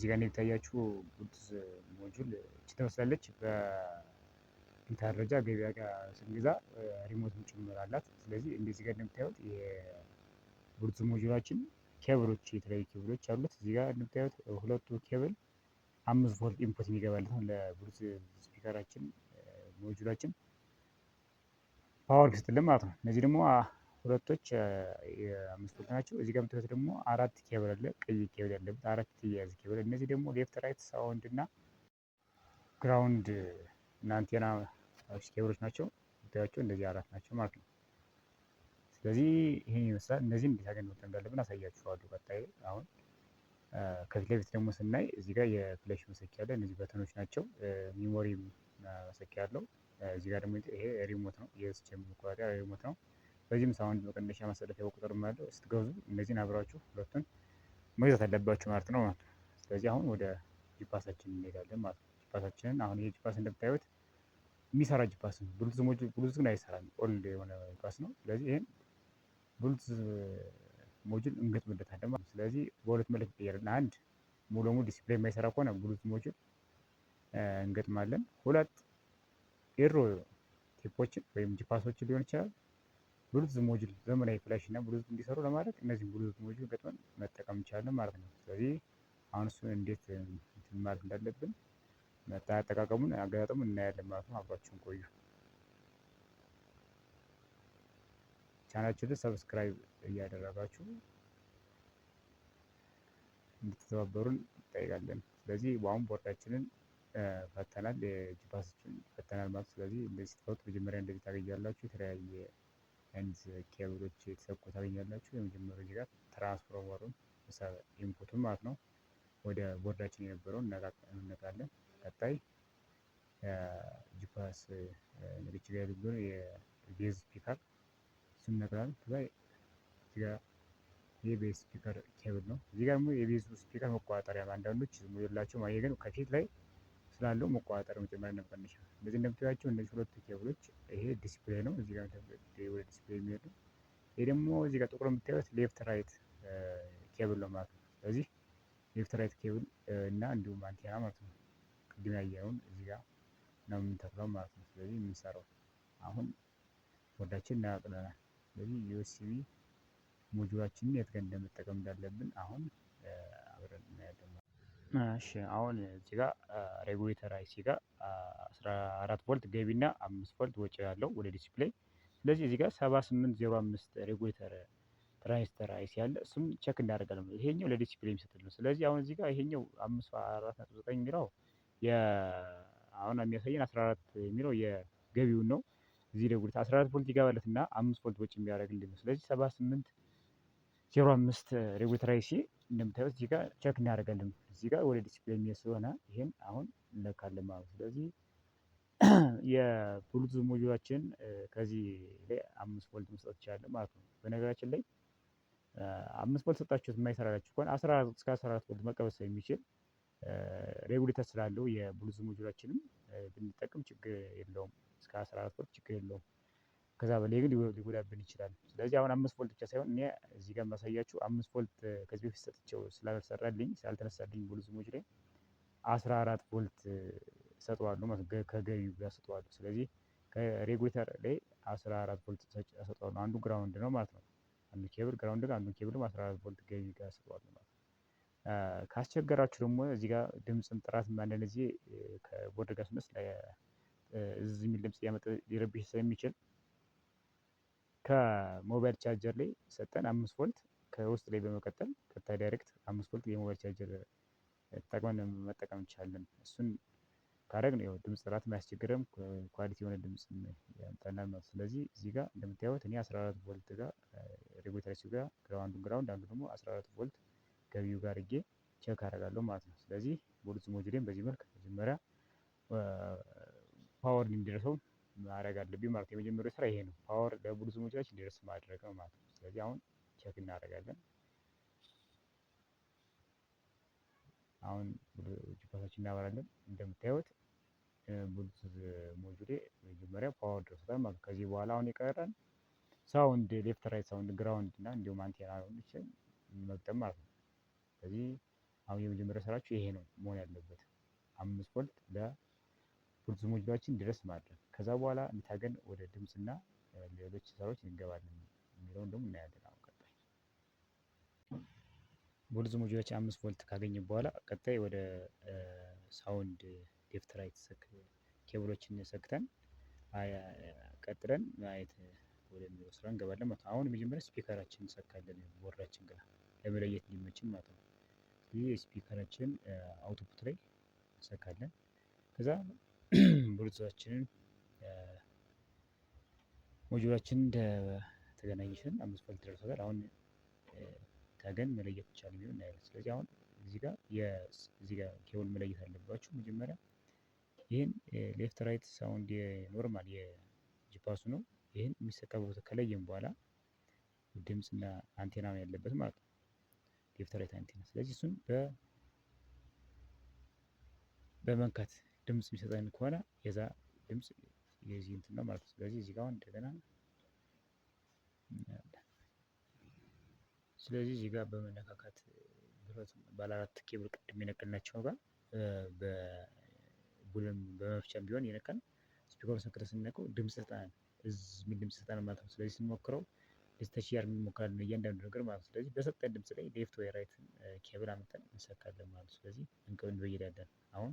እዚህ ጋር እንደሚታያችሁ ጉድስ ሞጁል እች ትመስላለች። በኢንተር ደረጃ ገበያ ጋር ስንገዛ ሪሞትም ጭምር አላት። ስለዚህ እንደዚህ ጋር እንደምታዩት የብሉቱዝ ሞጁላችን ኬብሎች፣ የተለያዩ ኬብሎች አሉት። እዚህ ጋር እንደምታዩት ሁለቱ ኬብል አምስት ቮልት ኢንፑት የሚገባለት ነው ለብሉቱዝ ስፒከራችን ሞጁላችን ፓወር ክስጥልን ማለት ነው። እነዚህ ደግሞ ሁለቶች የመስኮት ናቸው። እዚህ ጋር የምታዩት ደግሞ አራት ኬብል አለ። ቀይ ኬብል ያለበት አራት የተያያዘ ኬብል። እነዚህ ደግሞ ሌፍት ራይት፣ ሳውንድ እና ግራውንድ እና አንቴና ኬብሎች ናቸው። ምታያቸው እነዚህ አራት ናቸው ማለት ነው። ስለዚህ ይህን ይመስላል። እነዚህም እንዴት አገኝ መውጣት እንዳለብን አሳያችኋለሁ ቀጣይ። አሁን ከፊት ለፊት ደግሞ ስናይ እዚህ ጋር የፍለሽ መሰኪያ አለ። እነዚህ በተኖች ናቸው። ሚሞሪ መሰኪያ አለው። እዚህ ጋር ደግሞ ይሄ ሪሞት ነው። የስቼም መቆጣጠሪያ ሪሞት ነው። በዚህም ሳውንድ መቀነሻ ማሳለፊያ ቁጥርም አለው። ስትገዙ እነዚህን አብራችሁ ሁለቱን መግዛት አለባችሁ ማለት ነው ማለት ነው። ስለዚህ አሁን ወደ ጂፓሳችን እንሄዳለን ማለት ነው። ጂፓሳችንን አሁን ይሄ ጂፓስ እንደምታዩት የሚሰራ ጂፓስ ነው። ብሉቱዝ ብሉቱዝ ግን አይሰራም፣ ኦልድ የሆነ ጂፓስ ነው። ስለዚህ ይህን ብሉቱዝ ሞጁል እንገጥምበታለን ማለት ነው። ስለዚህ በሁለት መልክ ይቀየራል። አንድ ሙሉ ለሙሉ ዲስፕሌይ የማይሰራ ከሆነ ብሉቱዝ ሞጁል እንገጥማለን። ሁለት ኤሮ ቴፖችን ወይም ጂፓሶችን ሊሆን ይችላል ብሉቱዝ ሞጁል ዘመናዊ ፍላሽ እና ብሉቱዝ እንዲሰሩ ለማድረግ እነዚህን ብሉቱዝ ሞጁል ገጥመን መጠቀም እንችላለን ማለት ነው። ስለዚህ አሁን እሱን እንዴት ማለት እንዳለብን አጠቃቀሙን አገጣጠሙን እናያለን ማለት ነው። አብራችሁን ቆዩ። ቻናችንን ሰብስክራይብ እያደረጋችሁ እንድትተባበሩን እንጠይቃለን። ስለዚህ በአሁን ቦርዳችንን ፈተናል፣ ጂፓሳችንን ፈተናል ማለት ስለዚህ እንደዚህ ስትፈቱ መጀመሪያ እንደዚህ ታገኛላችሁ የተለያየ አንድ ኬብሎች የተሰኩ ታገኛላችሁ። የመጀመሪያው እዚህ ጋር ትራንስፎርመሩን ኢንፑቱን ማለት ነው ወደ ቦርዳችን የነበረውን እንነቃለን። ቀጣይ ጂፓስ ንግች ጋር ያለው የቤዝ ስፒከር እሱን ነቅላል። ከላይ እዚህ የቤዝ ስፒከር ኬብል ነው። እዚህ ጋር ደግሞ የቤዝ ስፒከር መቆጣጠሪያ አንዳንዶች የላቸውም። ይሄ ግን ከፊት ላይ ስላለው መቆጣጠር መጀመሪያ ነበር የሚሻል። እንደዚህ እንደምታዩቸው እነዚህ ሁለቱ ኬብሎች ይሄ ዲስፕሌይ ነው። እዚህ ጋር ወደ ዲስፕሌይ ነው። ይሄ ደግሞ እዚህ ጋር ጥቁር የምታዩት ሌፍት ራይት ኬብል ነው ማለት ነው። ስለዚህ ሌፍት ራይት ኬብል እና እንዲሁም አንቴና ማለት ነው። ቅድም ያየነውን እዚህ ጋር ነው የምንተክለው ማለት ነው። ስለዚህ የምንሰራው አሁን ቦርዳችን እናያቅለናል። ስለዚህ ዩኤስቢ ሞጁላችንን የት ጋር እንደመጠቀም እንዳለብን አሁን አብረን እናያለን። እሺ አሁን እዚህ ጋር ሬጉሌተር አይሲ ጋር 14 ቮልት ገቢና 5 ቮልት ወጪ ያለው ወደ ዲስፕሌይ። ስለዚህ እዚህ ጋር 7805 ሬጉሌተር ትራንዚስተር አይሲ ያለ እሱም ቸክ ነው። ይሄኛው ለዲስፕሌይ የሚሰጥል ነው። ስለዚህ አሁን እዚህ ጋር ይሄኛው 549 የሚለው አሁን የሚያሳየን 14 የሚለው የገቢውን ነው። እዚህ ሬጉሌተር 14 ቮልት ይገባለት ይገባለትና 5 ቮልት ወጪ የሚያደርግልን ነው። ስለዚህ 78 ዜሮ አምስት ሬጉትራይሲ እንደምታዩት እዚህ ጋር ቸክ እናደርጋለን። እዚህ ጋር ወደ ዲስፕሌይ የሚሄድ ስለሆነ ይህን አሁን እንለካለን ማለት ነው። ስለዚህ የብሉቱዝ ሞጁላችን ከዚህ ላይ አምስት ቮልት መስጠት ይቻላል ማለት ነው። በነገራችን ላይ አምስት ቮልት ሰጣችሁት የማይሰራላችሁ ከሆነ አስራ አራት እስከ አስራ አራት ቮልት መቀበስ የሚችል ሬጉሌተር ስላለው የብሉቱዝ ሞጁላችንም ብንጠቅም ችግር የለውም። እስከ አስራ አራት ቮልት ችግር የለውም። ከዛ በላይ ግን ሊጎዳብን ይችላል። ስለዚህ አሁን አምስት ቮልት ብቻ ሳይሆን እኔ እዚህ ጋር ማሳያችሁ አምስት ቮልት ከዚህ በፊት ሰጥቼው ስላልሰራልኝ ስላልተነሳልኝ ብሉዝሞች ላይ አስራ አራት ቮልት ሰጠዋለሁ ማለት ከገቢው ጋር ሰጠዋለሁ። ስለዚህ ከሬጉሌተር ላይ አስራ አራት ቮልት ሰጠዋሉ። አንዱ ግራውንድ ነው ማለት ነው። አንዱ ኬብል ግራውንድ ነው፣ አንዱ ኬብል አስራ አራት ቮልት ገቢ ጋር ሰጠዋለሁ ማለት ነው። ካስቸገራችሁ ደግሞ እዚህ ጋር ድምፅን ጥራት አንዳንድ ጊዜ ከቦርድ ጋር ስነስ እዚህ የሚል ድምፅ ሊያመጣ ሊረብሽ ስለሚችል ከሞባይል ቻርጀር ላይ ሰጠን አምስት ቮልት ከውስጥ ላይ በመቀጠል ቀጥታ ዳይሬክት አምስት ቮልት የሞባይል ቻርጀር ተጠቅመን መጠቀም እንችላለን። እሱን ካደረግ ነው ያው ድምጽ ጥራት አያስቸግርም ኳሊቲ የሆነ ድምጽ ያመጣልናል ማለት ነው። ስለዚህ እዚህ ጋር እንደምታዩት እኔ አስራ አራት ቮልት ጋር ሬጉሌተራችሁ ጋር ግራውንዱ ግራውንድ አንዱ ደግሞ አስራ አራት ቮልት ገቢው ጋር አድርጌ ቼክ አደርጋለሁ ማለት ነው። ስለዚህ ብሉቱዝ ሞጁሌን በዚህ መልክ መጀመሪያ ፓወር እንዲደርሰው ማድረግ አለብኝ ማለት የመጀመሪያው ስራ ይሄ ነው። ፓወር ለብሉዝ ሞጆች እንዲደርስ ማድረግ ነው ማለት ነው። ስለዚህ አሁን ቼክ እናደርጋለን። አሁን ጅፓሳችን እናበራለን። እንደምታዩት ብሉቱዝ ሞጁሌ መጀመሪያ ፓወር ደርሶታል ማለት ከዚህ በኋላ አሁን የቀረን ሳውንድ፣ ሌፍት ራይት ሳውንድ፣ ግራውንድ እና እንዲሁም አንቴና ሆኖችን መግጠም ማለት ነው። ስለዚህ አሁን የመጀመሪያ ስራችሁ ይሄ ነው መሆን ያለበት አምስት ቮልት ለ ፕሮቶሞጅላዎችን ድረስ ማድረግ ከዛ በኋላ እንዴት አድርገን ወደ ድምፅና ሌሎች ስራዎች እንገባለን የሚለውን ደግሞ እናያለን። አሁን ቀጣይ ቮልዝ አምስት ቮልት ካገኘ በኋላ ቀጣይ ወደ ሳውንድ ሌፍት ራይት ኬብሎችን ሰክተን ቀጥለን ማየት ወደሚለው ስራ እንገባለን ማለት ነው። አሁን መጀመሪያ ስፒከራችን እንሰካለን ቦርዳችን ጋር ለመለየት እንዲመችን ማለት ነው። ይህ ስፒከራችን አውትፑት ላይ እንሰካለን ከዛ ብሉቱዛችንን ሞጁላችንን ተገናኝተን አምስት ፖይንት ደርሶታል። አሁን ታገን መለየት ይቻል ቢሆን እናያለን። ስለዚህ አሁን እዚህ ጋር እዚህ ጋር ኬብል መለየት አለባችሁ። መጀመሪያ ይህን ሌፍት ራይት ሳውንድ የኖርማል የጂፓሱ ነው። ይህን የሚሰቀበው ከለየም በኋላ ድምፅ እና አንቴና ያለበት ማለት ነው። ሌፍት ራይት አንቴና። ስለዚህ እሱን በመንካት ድምፅ የሚሰጠን ከሆነ የዛ ድምፅ የዚህ እንትን ነው ማለት ነው። ስለዚህ እዚህ ጋር እንደገና ስለዚህ እዚህ ጋር በመነካካት ብረት ባለአራት ኬብል ቅድም የነቀልናቸው ጋር በቡለን በመፍቻም ቢሆን የነቀን ስፒከሩን ሰክተን ስንነቀው ድምፅ እዚህ ምን ድምፅ ይሰጠናል ማለት ነው። ስለዚህ ስንሞክረው ስተችያር የሚሞክራል እያንዳንዱ ነገር ማለት ነው። ስለዚህ በሰጠን ድምፅ ላይ ሌፍት ወይ ራይት ኬብል አምጥተን እንሰካለን ማለት ነው። ስለዚህ እንቀብ እንበይዳለን አሁን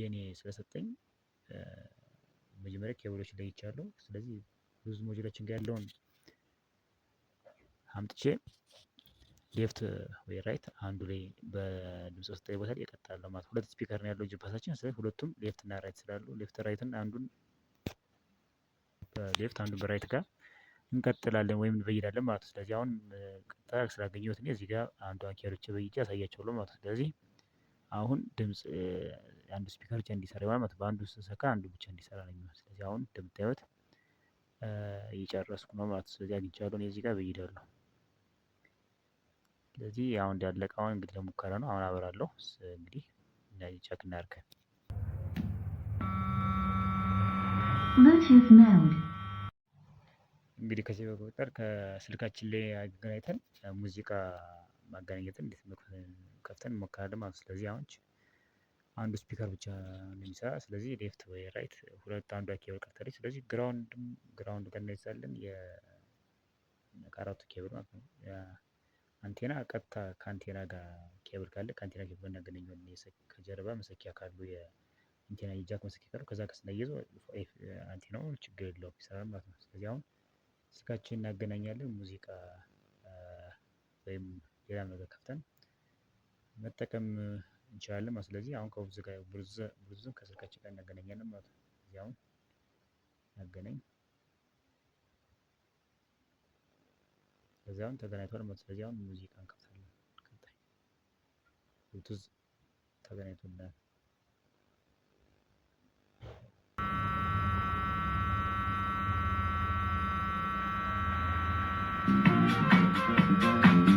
የኔ ስለሰጠኝ መጀመሪያ ኬብሎች ለይቻለሁ። ስለዚህ ብዙ ሞጁሎችን ጋር ያለውን አምጥቼ ሌፍት ወይ ራይት አንዱ ላይ በድምፅ ስጠኝ ቦታ ላይ ማለት ሁለት ስፒከር ነው ያለው ጅፓሳችን። ስለዚህ ሁለቱም ሌፍት እና ራይት ስላሉ ሌፍት ራይትን አንዱን በሌፍት አንዱን በራይት ጋር እንቀጥላለን ወይም እንበይዳለን ማለት ነው። ስለዚህ አሁን ቀጥታ ስላገኘሁት እኔ እዚህ ጋር አንዷን ኬሮች በይጃ ያሳያቸዋለሁ ማለት ነው። ስለዚህ አሁን ድምፅ አንዱ ስፒከር ብቻ እንዲሰራ ይሆናል ማለት ነው። በአንዱ ስንሰካ አንዱ ብቻ እንዲሰራ ነው የሚሆነው። ስለዚህ አሁን እንደምታዩት እየጨረስኩ ነው ማለት ስለዚህ አግኝቻለሁ እዚህ ጋር ብይዳለሁ። ስለዚህ አሁን እንዳለቀ አሁን እንግዲህ ለሙከራ ነው። አሁን አበራለሁ እንግዲህ እንደዚህ ቸክ እናድርገን። እንግዲህ ከዚህ በመቆጠር ከስልካችን ላይ አገናኝተን ሙዚቃ ማገናኘትን እንዴት ከፍተን እንሞክራለን ማለት ስለዚህ አሁን አንዱ ስፒከር ብቻ ነው የሚሰራ። ስለዚህ ሌፍት ወይ ራይት ሁለት አንዱ ኬብል ቀርታለች። ስለዚህ ግራውንድም ግራውንድ ጋር እናይዛለን የአራቱ ኬብል ማለት ነው። አንቴና ቀጥታ ከአንቴና ጋር ኬብል ካለ ከአንቴና ኬብል ጋር እናገናኘዋለን። ከጀርባ መሰኪያ ካሉ የአንቴና የጃክ መሰኪያ ካሉ ከዛ ከስናየዘው አንቴናው ችግር የለውም ይሰራል ማለት ነው። ስለዚህ አሁን ስልካችን እናገናኛለን ሙዚቃ ወይም ሌላ ነገር ከፍተን መጠቀም እንችላለን ማለት ስለዚህ አሁን ከብሩዝ ጋር ብሩዝን ከስልካችን ጋር እናገናኛለን ማለት ነው። እዚህ አሁን እናገናኝ ከዚህ ተገናኝቷል ማለት ነው። ስለዚህ አሁን ሙዚቃ እንከፍታለን። ቀጣይ ብሉቱዝ ተገናኝቶልናል። Thank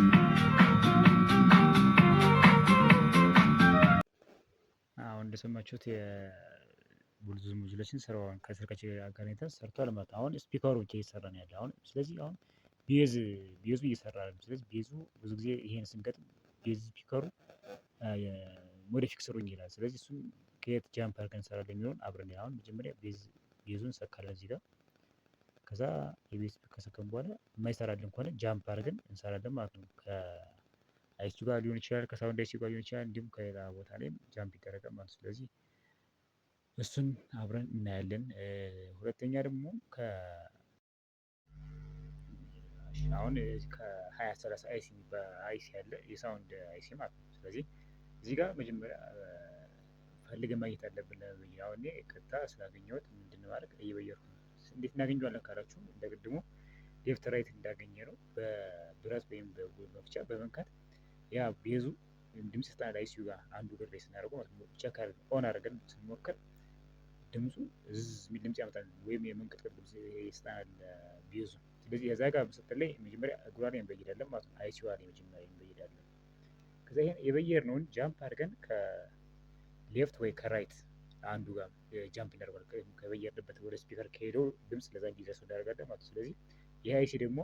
እንደሰማችሁት የብሉቱዝ ሞጁሌሽን ስራዋን ከስልካችን ጋር ሰርቷል ማለት አሁን ስፒከሩ ብቻ እየሰራ ነው ያለ። አሁን ስለዚህ አሁን ቤዝ ቤዙ እየሰራ ነው። ስለዚህ ቤዙ ብዙ ጊዜ ይሄን ስንገጥም ቤዝ ስፒከሩ ወደ ፊክስሩኝ ይላል። ስለዚህ እሱም ከየት ጃምፕ አድርገን እንሰራለን የሚሆን አብረን አሁን መጀመሪያ ቤዙን ሰካለን እዚህ ጋር ከዛ የቤዝ ስፒከር ሰከም በኋላ የማይሰራልን ከሆነ ጃምፕ አድርገን እንሰራለን ማለት ነው። አይሱ ጋር ሊሆን ይችላል፣ ከሳውንድ አይሲ ጋር ሊሆን ይችላል፣ እንዲሁም ከሌላ ቦታ ላይም ጃምፕ ይደረጋል ማለት ስለዚህ እሱን አብረን እናያለን። ሁለተኛ ደግሞ አሁን ከሀያ ሰላሳ አይሲ በአይሲ ያለ የሳውንድ አይሲ ማለት ነው። ስለዚህ እዚህ ጋር መጀመሪያ ፈልገን ማግኘት አለብን። አሁን እኔ ስላገኘሁት ምንድን ማድረግ እየበየርኩ ነው። እንዴት እናገኘዋለን ካላችሁ እንደ ቅድሞ ሌፍት ራይት እንዳገኘ ነው በብረት ወይም መፍቻ በመንካት ያ ቤዙ ድምጽ ይሰጠናል። አይሲዩ ጋር አንዱ ብር ላይ ስናደርገው ማለት ነው። ብቻ ኦን አድርገን ስንሞክር ድምፁ እዝ የሚል ድምጽ ያመጣል፣ ወይም የመንቀጥቀጥ ድምጽ ይሰጠናል ቤዙ። ስለዚህ የዛ ጋር ምስጥር ላይ መጀመሪያ እግሯ ላይ እንበይዳለን ማለት ነው። አይሲዩ ላይ መጀመሪያ እንበይዳለን። ከዛ ይሄን የበየር ነውን ጃምፕ አድርገን ከሌፍት ወይ ከራይት አንዱ ጋር ጃምፕ እናደርጋለን። ከበየርንበት ወደ ስፒከር ከሄደው ድምጽ ለዛ እንዲደርስ እናደርጋለን ማለት ነው። ስለዚህ ይሄ አይሲ ደግሞ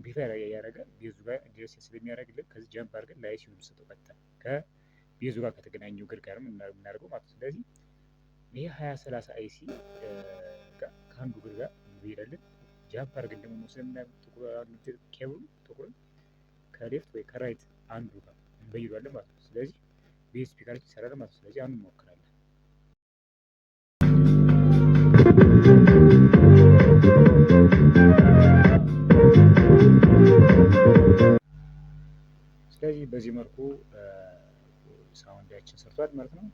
አምፕሊፋይ ላይ እያደረገ ቤዙ ጋር ድረስ ስለሚያደርግልን ከዚህ ጀምፕ አድርገን ላይ ሲሆን የምንሰጠው ቀጥታ ከቤዙ ጋር ከተገናኘው ግር ጋርም የምናደርገው ማለት ነው። ስለዚህ ይሄ ሀያ ሰላሳ አይሲ ከአንዱ ግር ጋር ይሄዳልን ጃምፕ አድርገን ደግሞ ስለምናደርግ ኬብሉ ጥቁርን ከሌፍት ወይ ከራይት አንዱ ጋር እንበይዷለን ማለት ነው። ስለዚህ ቤዝ ስፒከራችን ይሰራል ማለት ነው። ስለዚህ አንዱ እንሞክራለን ስለዚህ በዚህ መልኩ ሳውንዳችን ሰርቷል ማለት ነው።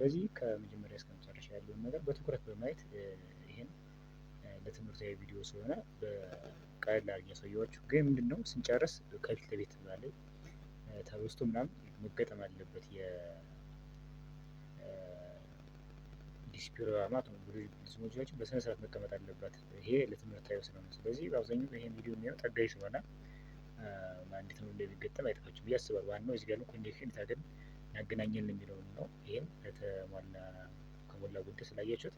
በዚህ ከመጀመሪያ እስከ መጨረሻ ያለውን ነገር በትኩረት በማየት ይህን ለትምህርታዊ ቪዲዮ ስለሆነ በቀለል አድርጌ ያሳየኋችሁ። ግን ምንድን ነው ስንጨርስ ከፊት ለቤት ባለ ተበስቶ ምናምን መገጠም አለበት የዲስፒሮዋ ማለት ብዙ ብዙዎቻችን በስነስርዓት መቀመጥ አለበት። ይሄ ለትምህርታዊ ስለሆነ ስለዚህ በአብዛኛው ይሄን ቪዲዮ የሚያው ጠጋይ ስለሆነ እንዴት ነው እንደሚገጠም አይጠፋችሁ ብዬ አስባለሁ። ዋናው እዚህ ጋር ኮንዲሽን ኮኔክሽን ታገን ያገናኘን የሚለውን ነው። ይህም ከተሟላ ከሞላ ጎደል ስላያችሁት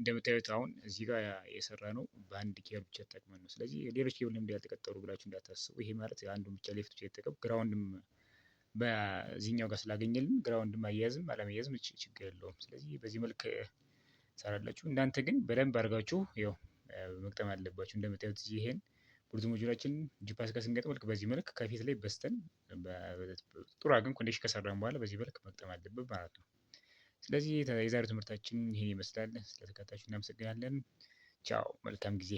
እንደምታዩት አሁን እዚህ ጋር የሰራ ነው በአንድ ኬብል ብቻ ተጠቅመን ነው። ስለዚህ ሌሎች ኬብል ለምንድን ያልተቀጠሉ ብላችሁ እንዳታስቡ። ይሄ ማለት አንዱ ብቻ ሌፍት ብቻ የተጠቀም ግራውንድም በዚህኛው ጋር ስላገኘልን ግራውንድ አያያዝም አለመያዝም ችግር የለውም። ስለዚህ በዚህ መልክ ሰራላችሁ። እናንተ ግን በደንብ አድርጋችሁ ያው መቅጠም አለባችሁ። እንደምታዩት ይሄን ሁለቱም ሞጁላችን ጂፓስ ጋር ስንገጥም ልክ በዚህ መልክ ከፊት ላይ በስተን ጥሩ አገን ኮንዲሽን ከሰራን በኋላ በዚህ መልክ መቅጠም አለብን ማለት ነው። ስለዚህ የዛሬው ትምህርታችን ይሄን ይመስላል። ስለተከታታችሁ እናመሰግናለን። ቻው፣ መልካም ጊዜ